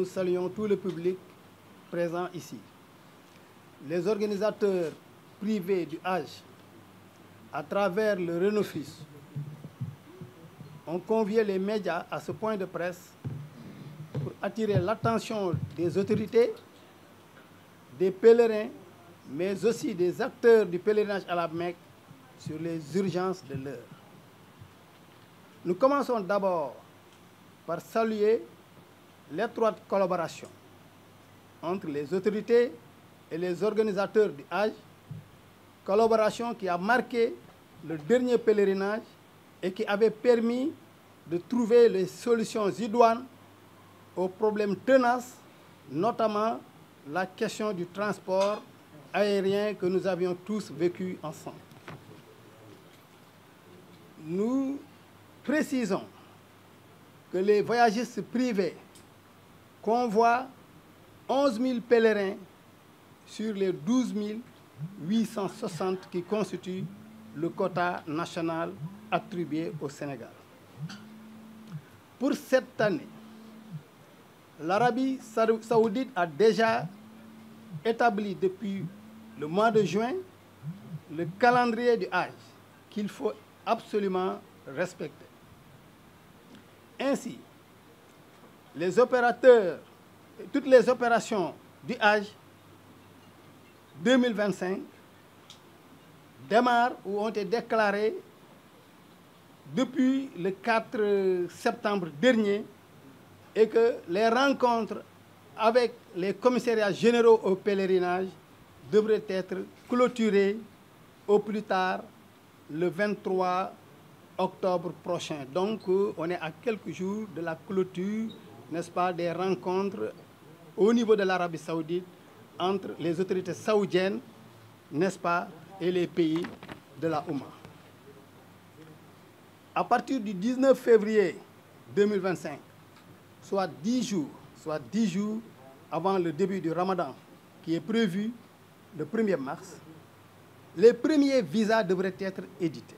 nous saluons tout le public présent ici. Les organisateurs privés du Hajj, à travers le Renofis, ont convié les médias à ce point de presse pour attirer l'attention des autorités, des pèlerins, mais aussi des acteurs du pèlerinage à la Mecque sur les urgences de l'heure. Nous commençons d'abord par saluer l'étroite collaboration entre les autorités et les organisateurs du Hajj, collaboration qui a marqué le dernier pèlerinage et qui avait permis de trouver les solutions idoines aux problèmes tenaces, notamment la question du transport aérien que nous avions tous vécu ensemble. Nous précisons que les voyagistes privés convoie 11 000 pèlerins sur les 12 860 qui constituent le quota national attribué au Sénégal. Pour cette année, l'Arabie saoudite a déjà établi depuis le mois de juin le calendrier du Hajj qu'il faut absolument respecter. Ainsi, les opérateurs toutes les opérations du Hajj 2025 démarrent ou ont été déclarées depuis le 4 septembre dernier et que les rencontres avec les commissariats généraux au pèlerinage devraient être clôturées au plus le 23 octobre prochain. Donc euh, on est quelques jours de la clôture n'est-ce pas, des rencontres au niveau de l'Arabie saoudite entre les autorités saoudiennes, n'est-ce pas, et les pays de la Ouma. À partir du 19 février 2025, soit 10 jours, soit 10 jours avant le début du Ramadan qui est prévu le 1er mars, les premiers visas devraient être édités.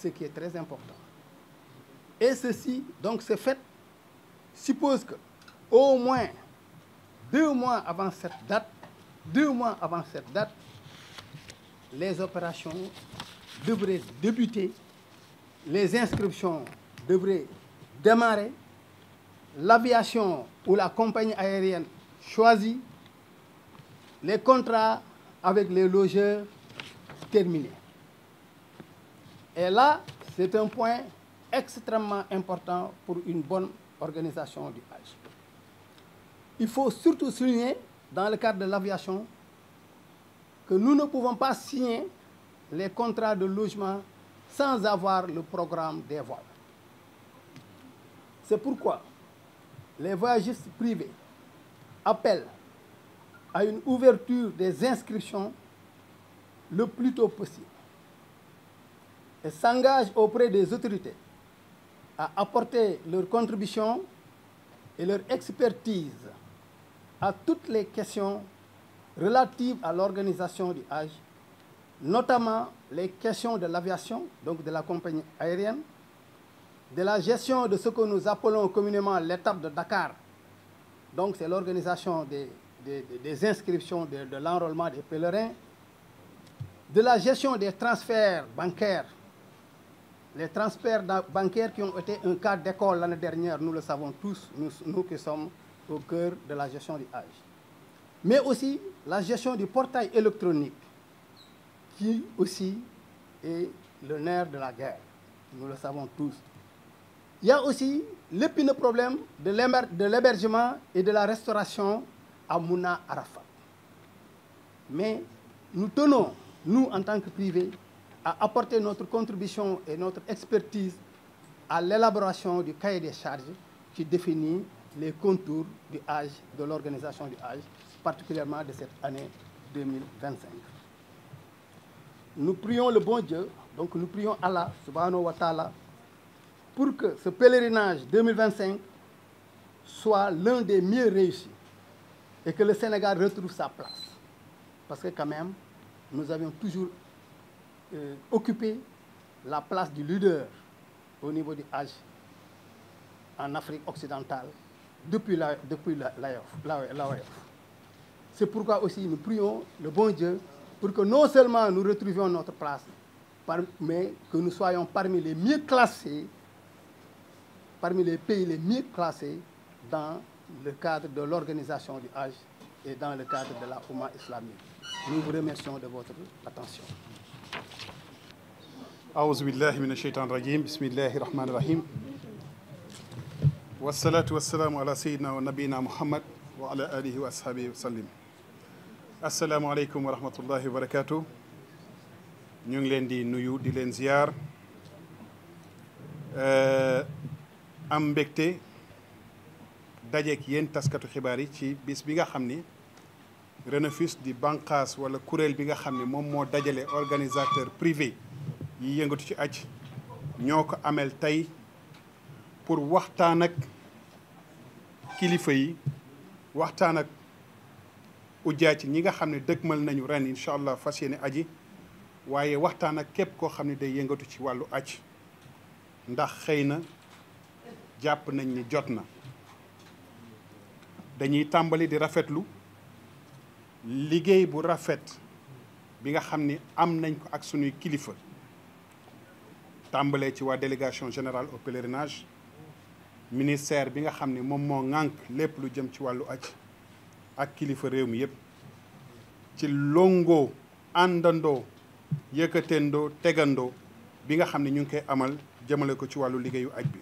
Ce très important. Et ceci, donc ce fait, suppose que au moins deux mois avant cette date, deux mois avant cette date, les opérations devraient débuter, les inscriptions devraient démarrer, l'aviation ou la compagnie aérienne choisie, les contrats avec les logeurs terminés. Et là, c'est un point extrêmement important pour une bonne organisation du Hajj. Il faut surtout souligner, dans le cadre de l'aviation, que nous ne pouvons pas signer les contrats de logement sans avoir le programme des vols. C'est pourquoi les voyagistes privés appellent à une ouverture des inscriptions le plus tôt possible et s'engagent auprès des autorités à apporter leur contribution et leur expertise à toutes les questions relatives à l'organisation du Hajj, notamment les questions de l'aviation, donc de la compagnie aérienne, de la gestion de ce que nous appelons communément l'étape de Dakar, donc c'est l'organisation des, des, des, inscriptions de, de l'enrôlement des pèlerins, de la gestion des transferts bancaires Les transferts bancaires qui ont été un cas d'école l'année dernière, nous le savons tous, nous, nous, qui sommes au cœur de la gestion du âge. Mais aussi la gestion du portail électronique, qui aussi est le nerf de la guerre, nous le savons tous. Il y a aussi l'épineux problème de l'hébergement et de la restauration à Mouna Arafat. Mais nous tenons, nous en tant que privés, à apporter notre contribution et notre expertise à l'élaboration du cahier des charges qui définit les contours du âge, de l'organisation du âge, particulièrement de cette année 2025. Nous prions le bon Dieu, donc nous prions Allah, subhanahu wa ta'ala, pour que ce pèlerinage 2025 soit l'un des mieux réussis et que le Sénégal retrouve sa place. Parce que quand même, nous avions euh, occuper la place du leader au niveau du Hajj en Afrique occidentale depuis la depuis l'AOF. C'est pourquoi aussi nous prions le bon Dieu pour que non seulement nous retrouvions notre place, mais que nous soyons parmi les mieux classés, parmi les pays les dans le cadre de l'organisation du Hajj et dans le cadre de la Ouma islamique. Nous vous remercions de votre attention. أعوذ بالله من الشيطان الرجيم بسم الله الرحمن الرحيم والصلاة والسلام على سيدنا ونبينا محمد وعلى آله وأصحابه وسلم السلام عليكم ورحمة الله وبركاته ñu ngi leen di nuyu di leen ziar am mbégte dajeek yéen taskatu xibaar yi ci bis bi nga xam ni RENAFIS di banqaas wala kuréel bi nga xam ne moom moo dajale organisateur privé yi yëngatu ci aj ñoo ko ameel tey pour waxtaan ak kilifa yi waxtaan ak ci ñi nga xam ne dëgmal nañu ren incha allah fas yéene aji waaye waxtaan ak képp koo xam ne day yëngatu ci wàllu aj ndax xëy na jàpp nañ ni jot na dañuy tàmbali di rafetlu liggéey bu rafet bi nga xam ni am nañ ko ak suñuy kilifa tàmbalee ci waa délégation générale au pèlerinage ministère bi nga xam ni moom moo ŋànk lépp lu jëm ci wàllu aj ak kilifa réew mi yépp ci longoo àndandoo yëkkatendoo tegandoo bi nga xam ne ñu ngi koy amal jëmale ko ci wàllu liggéeyu aj bi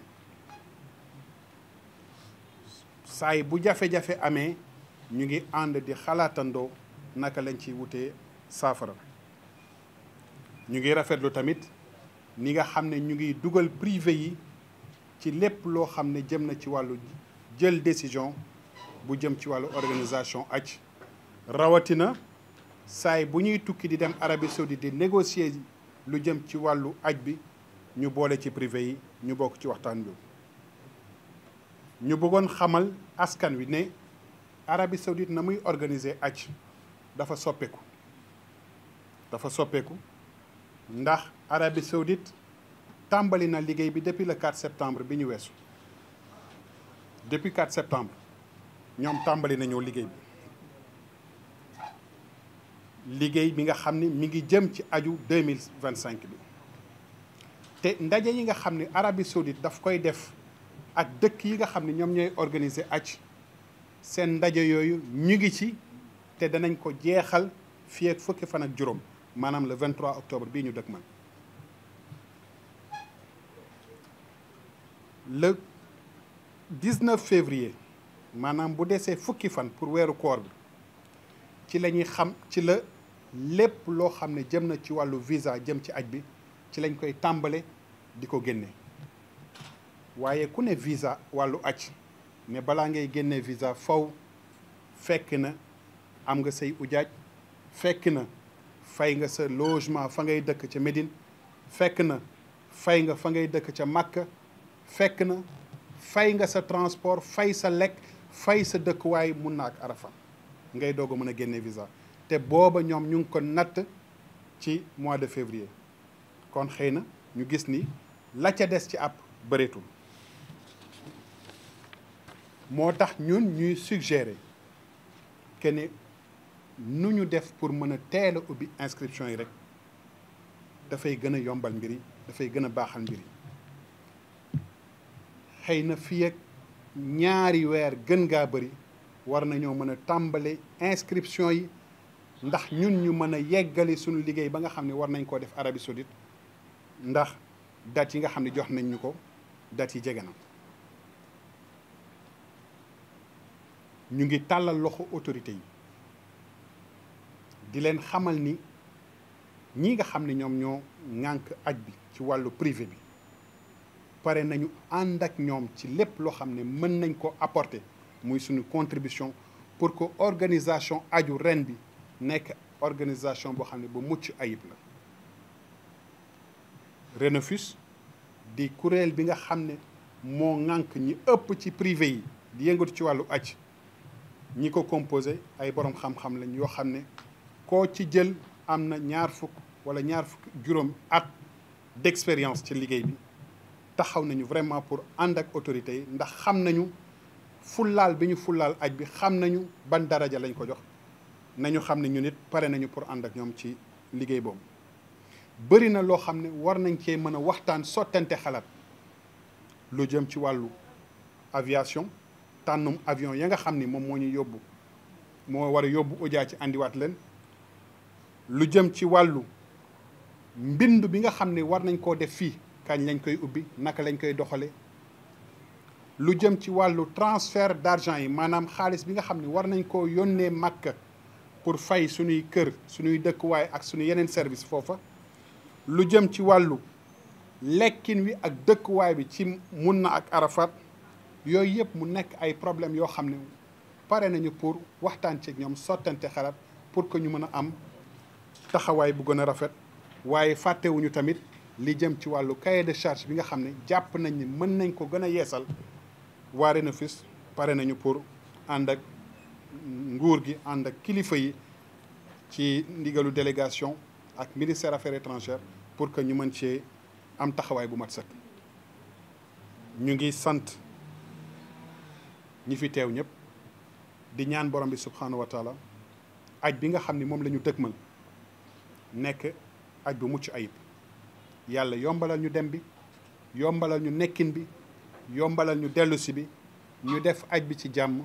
saay bu jafe-jafe amee ñu ngi ànd di xalaatandoo naka lañ ciy wutee saafara ñu ngi rafetlu tamit ni nga xam ne ñu ngi dugal privé yi ci lépp loo xam ne jëm na ci wàllu jël décision bu jëm ci wàllu organisation aj rawatina saay bu ñuy tukki di dem arabi Saoudite di négocier lu jëm ci wàllu aj bi ñu boole ci privé yi ñu bokk ci waxtaan bi ñu bëggoon xamal askan wi ne Arabie Saoudite na muy organiser aj dafa soppeeku dafa soppeeku ndax Arabie Saoudite tàmbali na liggéey bi depuis le 4 septembre bi ñu weesu depuis 4 septembre ñoom tàmbali nañoo liggéey bi liggéey bi nga xam ni mi ngi jëm ci aju mille cinq bi te ndaje yi nga xam ni Arabie Saoudite daf koy def ak dëkk yi nga xam ni ñoom ñooy organiser aj seen ndaje yooyu ñu ngi ci te danañ ko jeexal fii ak fukki fan ak juróom maanaam le 23 octobre bii ñu dëkk man le 19 février maanaam bu desee fukki fan pour weeru koor bi ci la ñuy xam ci la lépp loo xam ne jëm na ci wàllu visa jëm ci aj bi ci lañ koy tàmbale di ko génne waaye ku ne visa wàllu aj mais balaa ngay génne visa fow fekk na am nga say ujaaj fekk na fay nga sa logement fa ngay dëkk ca Médine fekk na fay nga fa ngay dëkk ca Makka fekk na fay nga sa transport fay sa lekk fay sa dëkkuwaay mun na ak Arafat ngay doog a mën a génne visa te booba ñoom ñu ngi ko natt ci mois de février kon xëy na ñu gis ni la ca des ci ab bëreetul moo tax ñun ñuy suggérer que ni nu ñu def pour mën a teel a ubbi inscription yi rek dafay gën a yombal mbir yi dafay gën a baaxal mbir yi xëy na fii ak ñaari weer gën gaa bëri war nañoo mën a tàmbali inscription yi ndax ñun ñu mën a yeggali suñu liggéey ba nga xam ne war nañ koo def Arabie Saoudite ndax date yi nga xam ne jox nañ ñu ko date yi jege na ñu ngi tàllal loxo autorité yi di leen xamal ni ñi nga xam ne ñoom ñoo ŋànk aj bi ci wàllu privé bi pare nañu ànd ak ñoom ci lépp loo xam ne mën nañ ko apporter muy suñu contribution pour que organisation aju ren bi nekk organisation boo xam ne bu mucc ayib la Renefus di kuréel bi nga xam ne moo ŋànk ñi ëpp ci privé yi di yëngatu ci wàllu aj ñi ko composé ay borom xam-xam lañ yoo xam ne koo ci jël am na ñaar fukk wala ñaar fukk juróom at d'expérience ci liggéey bi taxaw nañu vraiment pour ànd ak autorités yi ndax xam nañu fullaal bi ñu fullaal aj bi xam nañu ban daraja lañ ko jox nañu xam ne ñun it pare nañu pour ànd ak ñoom ci liggéey boobu bëri na loo xam ne war nañ cee mën a waxtaan sottante xalaat lu jëm ci wàllu aviation tànnum avion ya nga xam ni moom moo ñu yóbbu moo war a yóbbu Odia ci indiwaat leen lu jëm ci wàllu mbind bi nga xam ne war nañ koo def fii kañ lañ koy ubbi naka lañ koy doxale lu jëm ci wàllu transfert d'argent yi maanaam xaalis bi nga xam ne war nañ koo yónnee Makka pour fay suñuy kër suñuy dëkkuwaay ak suñu yeneen service foofa lu jëm ci wàllu lekkin wi ak dëkkuwaay bi ci mun na ak Arafat yooyu yëpp mu nekk ay problème yoo xam ne pare nañu pour waxtaan ci ñoom sottante xalaat pour que ñu mën a am taxawaay bu gën a rafet waaye fàttewuñu tamit li jëm ci wàllu cahier de charge bi nga xam ne jàpp nañ ni mën nañ ko gën a yeesal waa Renofis pare nañu pour ànd ak nguur gi ànd ak kilifa yi ci ndigalu délégation ak ministère affaires étrangères pour que ñu mën ci am taxawaay bu mat sëkk ñu ngi sant ñi fi teew ñëpp di ñaan borom bi subhanahu wa aj bi nga xam ni moom lañu ñu dëgmal nekk aj bu mucc ayib yàlla yombalal ñu dem bi yombalal ñu nekkin bi yombalal ñu dellusi bi ñu def aj bi ci jàmm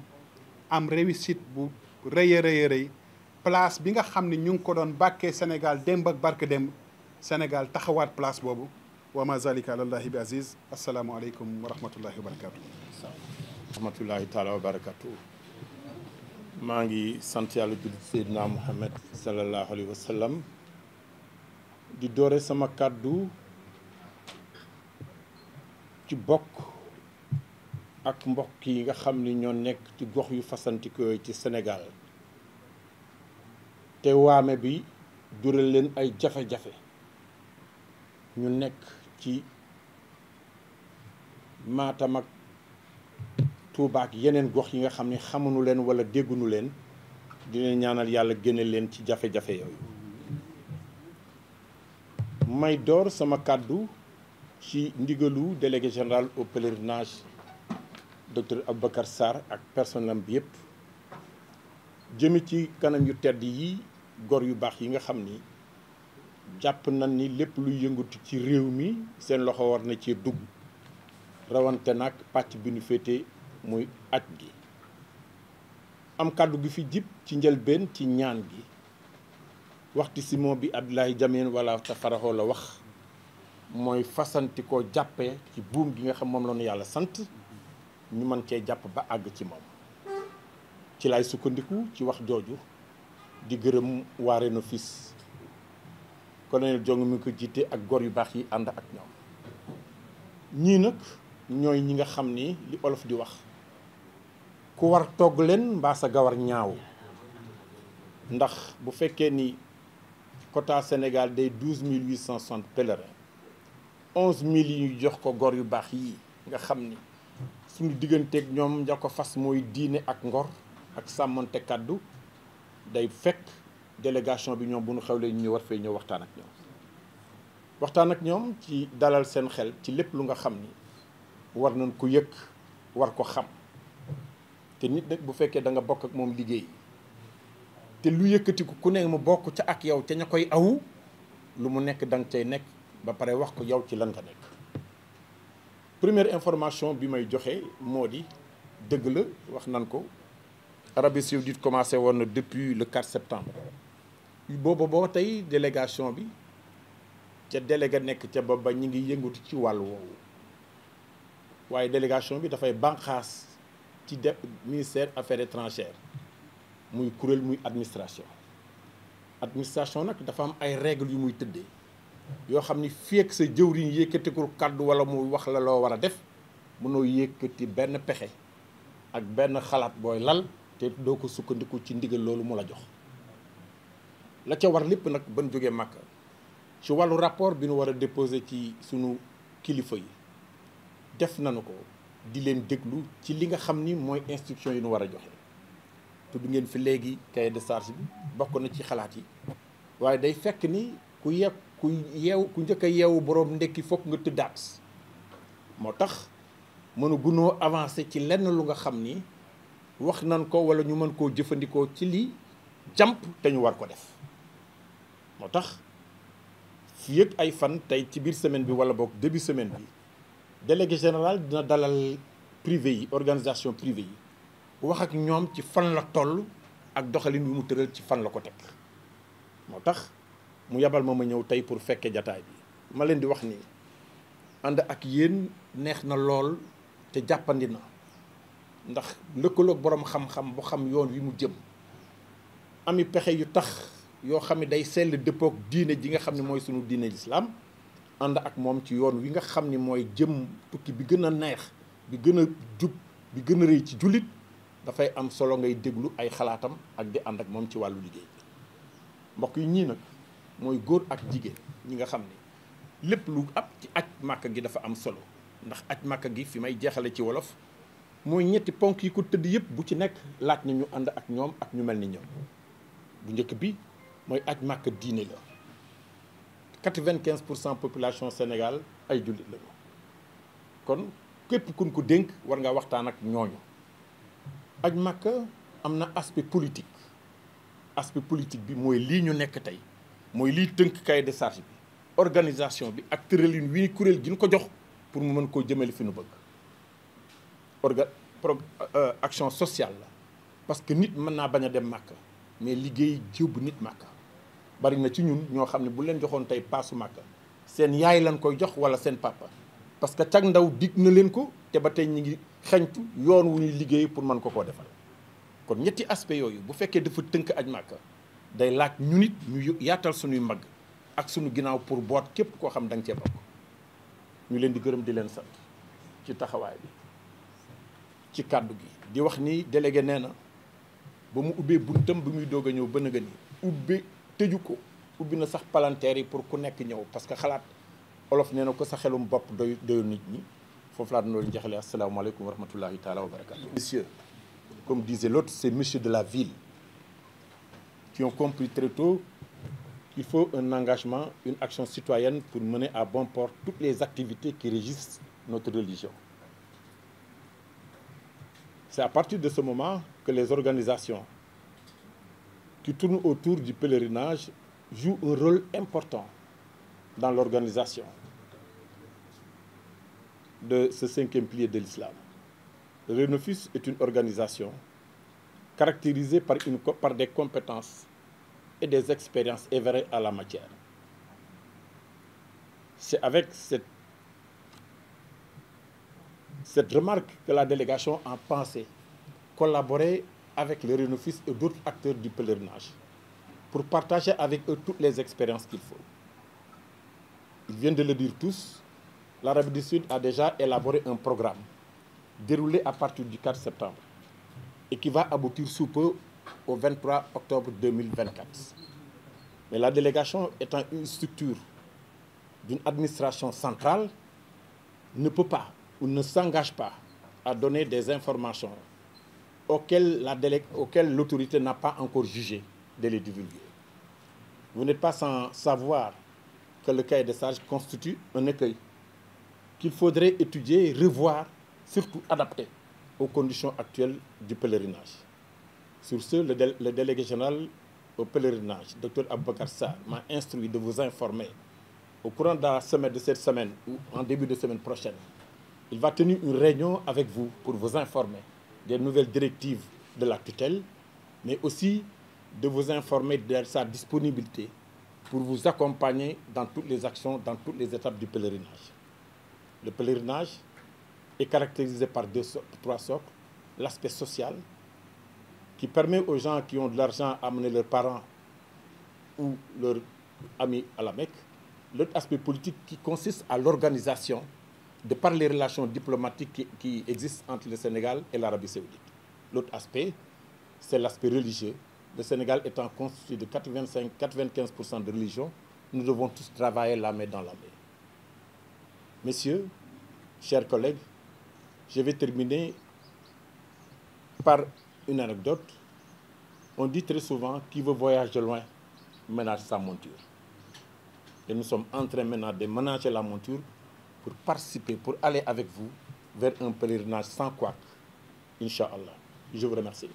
am réussite bu rëy a rëy a bi nga xam ni ñu ngi ko doon bàkkee Sénégal démb ak barke démb Sénégal taxawaat place boobu wa ma zalika alallahi bi aziz asalaamualeykum wa rahmatullahi wa rahmatullahi taala wa barakatu maa ngi sant yàlla julli seydina muhammad sallallahu alayhi di doore sama kàddu ci bokk ak mbokk yi nga xam ni ñoo nekk ci gox yu fasantikoo ci Sénégal te waame bi jural leen ay jafe-jafe ñu nekk ci Matam ak Touba yeneen gox yi nga xam ne xamuñu leen wala dégguñu leen dina ñaanal yàlla génne leen ci jafe-jafe yooyu may door sama kàddu ci ndigalu délégué général au pèlerinage docteur Aboubacar Sarr ak personnelam bi yëpp jëmi ci kanam yu tedd yi gor yu baax yi nga xam ni jàpp nañ ni lépp lu yëngatu ci réew mi seen loxo war na ci dugg rawante nag pàcc bi ñu féete muy aj gi am kàddu gi fi jib ci njëlbeen ci ñaan gi waxtu simon bi Abdoulaye Jameen wala te faraxoo la wax mooy fasanti koo jàppee ci buum gi nga xam moom la nu yàlla sant ñu mën cee jàpp ba àgg ci moom ci lay sukkandiku ci wax jooju di gërëm waa Renofis colonel Diong mi ngi ko jiite ak gor yu baax yi ànd ak ñoom ñii nag ñooy ñi nga xam ni li olof di wax ku war togg leen mbaa sa gawar ñaaw ndax bu fekkee ni quota Sénégal day douze mille huit cent soixante pèlerins onze mille yi ñu jox ko gor yu baax yi nga xam ni suñu digganteek ñoom ña ko fas mooy diine ak ngor ak sàmmante kàddu day fekk délégation bi ñoom bu xew xewlee ñu war fee ñëw waxtaan ak ñoom waxtaan ak ñoom ci dalal seen xel ci lépp lu nga xam ni war nañ ko yëkk war ko xam te nit nag bu fekkee danga bokk ak moom liggéey te lu yëkkatiku ku ne mu bokk ca ak yow ca ña koy awu lu mu nekk danga cay nekk ba pare wax ko yow ci lan nga nekk première information bi may joxe moo di dëgg la wax nan ko Arabie Saoudite commencé woon na depuis le 4 septembre booba boo tey délégation bi ca délégué nekk ca ba ba ñu ngi yëngatu ci wàll woowu waaye délégation bi dafay banqaas ci de ministère affaire étrangères muy kuréel muy administration administration nag dafa am ay règles yu muy tëdde yoo xam ni feek sa jëwriñ yëkkatikul kàddu wala muy wax la loo war a def mënoo yëkkati benn pexe ak benn xalaat booy lal te doo ko sukkandiku ci ndigal loolu mu la jox la ca war lépp nag ban jógee màkk ci wàllu rapport bi nu war a déposé ci sunu kilifa yi def nanu ko di leen déglu ci li nga xam ni mooy instruction yi nu war a joxe tudd ngeen fi léegi cahier de charge bi bokk na ci xalaat yi waaye day fekk ni ku yepp ku yeew ku njëkk a yeewu boroom ndekki foog nga tëddaat moo tax mënu gunoo avancer ci lenn lu nga xam ni wax nan ko walla ñu mën koo jëfandikoo ci li jàmp te ñu war ko def moo tax fi yëpp ay fan tey ci biir semaine bi walla boog début semaine bi délégué général dina dalal privé yi organisation privée yi wax ak ñoom ci fan la toll ak doxalin wu mu tëral ci fan la ko teg moo tax mu yabal ma ma ñëw tey pour fekke jataay bi ma leen di wax nii ànd ak yéen neex na lool te jàppandi na ndax lëkkaloog boroom xam-xam bu xam yoon wi mu jëm ami pexe yu tax yoo xam ne day sell dëppoog diine ji nga xam ne mooy sunu diine lislaam ànd ak moom ci yoon wi nga xam ni mooy jëm tukki bi gën a neex bi gën a jub bi gën a rëy ci jullit dafay am solo ngay déglu ay xalaatam ak bi ànd ak moom ci wàllu liggéey mbokk yi ñii nag mooy góor ak jigéen ñi nga xam ni lépp lu ab ci aj màkk gi dafa am solo ndax aj màkk gi fi may jeexale ci wolof mooy ñetti ponk yi ko tëdd yëpp bu ci nekk laat na ñu ànd ak ñoom ak ñu mel ni ñoom bu njëkk bi mooy aj màkk diine la quatre-vingt-quinze pour cent population Sénégal ay jullit lañu kon képp kun ko dénk war ngaa waxtaan ak ñooñu ak Makka am na aspect politique aspect politique bi mooy lii ñu nekk tey mooy lii tënk cahier de charge bi organisation bi ak tëralin wi kuréel gi ñu ko jox pour mu mën koo jëmale fi nu bëgg orga pro euh, action sociale la parce que nit mën naa bañ a dem Makka mais liggéey jiw bu nit Makka bari na ci ñun ñoo xam ne bu leen joxoon tey paasu màkka seen yaay lañ koy jox wala seen papa parce que cag ndaw dig na leen ko te ba tey ñi ngi xeñtu yoon wu ñuy liggéey pour mën ko koo defal kon ñetti aspect yooyu bu fekkee dafa tënk aj màkka day laaj ñu nit ñu yaatal suñuy mag ak suñu ginnaaw pour boot képp koo xam da nga cee bokk ñu leen di gërëm di leen sant ci taxawaay bi ci kàddu gi di wax nii délégué nee na ba mu ubbee buntam bi muy doog a ñëw ba nëgën yi tëju ko ubbi na sax palanteer yi pour ku nekk ñëw parce que xalaat olof nee na ko sa xelum bopp doy doyu nit ñi foofu laa doon loolu njeexle asalaamaaleykum wa rahmatullahi taala wa barakatu monsieur comme disait l'autre c'est monsieur de la ville qui ont compris très tôt qu'il faut un engagement une action citoyenne pour mener à bon port toutes les activités qui régissent notre religion c'est à partir de ce moment que les organisations qui tournent autour du pèlerinage jouent un rôle important dans l'organisation de ce cinquième pilier de l'islam. Le Renofus est une organisation caractérisée par, une, par des compétences et des expériences avérées à la matière. C'est avec cette, cette remarque que la délégation a pensé collaborer avec le Rénofis et d'autres acteurs du pèlerinage pour partager avec eux toutes les expériences qu'il faut. Ils de le dire tous, l'Arabie du Sud a déjà élaboré un programme déroulé à partir du 4 septembre et qui va aboutir sous peu au 23 octobre 2024. Mais la délégation étant une structure d'une administration centrale ne peut pas ne s'engage pas à donner des informations auquel l'autorité la n'a pas encore jugé de les divulguer. Vous n'êtes pas sans savoir que le cahier des charges constitue un écueil qu'il faudrait étudier, revoir, surtout adapter aux conditions actuelles du pèlerinage. Sur ce, le, dé le délégué général au pèlerinage, Dr Aboubakar Sarr, m'a instruit de vous informer au courant de la semaine cette semaine ou en début de semaine prochaine. Il va tenir une réunion avec vous pour vous informer des nouvelles directives de la tutelle, mais aussi de vous informer de sa disponibilité pour vous accompagner dans toutes les actions, dans toutes les étapes du pèlerinage. Le pèlerinage est caractérisé par deux, trois socles. L'aspect social, qui permet aux gens qui ont de l'argent à amener leurs parents ou leurs amis à la Mecque. L'autre aspect politique qui consiste à l'organisation de par les relations diplomatiques qui, qui le Sénégal et l'Arabie saoudite. aspect, c'est l'aspect religieux. Le Sénégal étant constitué de 85-95% de religion, nous devons tous travailler la main dans la main. Messieurs, chers collègues, je vais terminer par une anecdote. On souvent, qui veut voyager loin, ménage sa monture. Et nous la monture pour participer, pour aller avec vous vers un pèlerinage sans couac. Inch'Allah. Je vous remercie.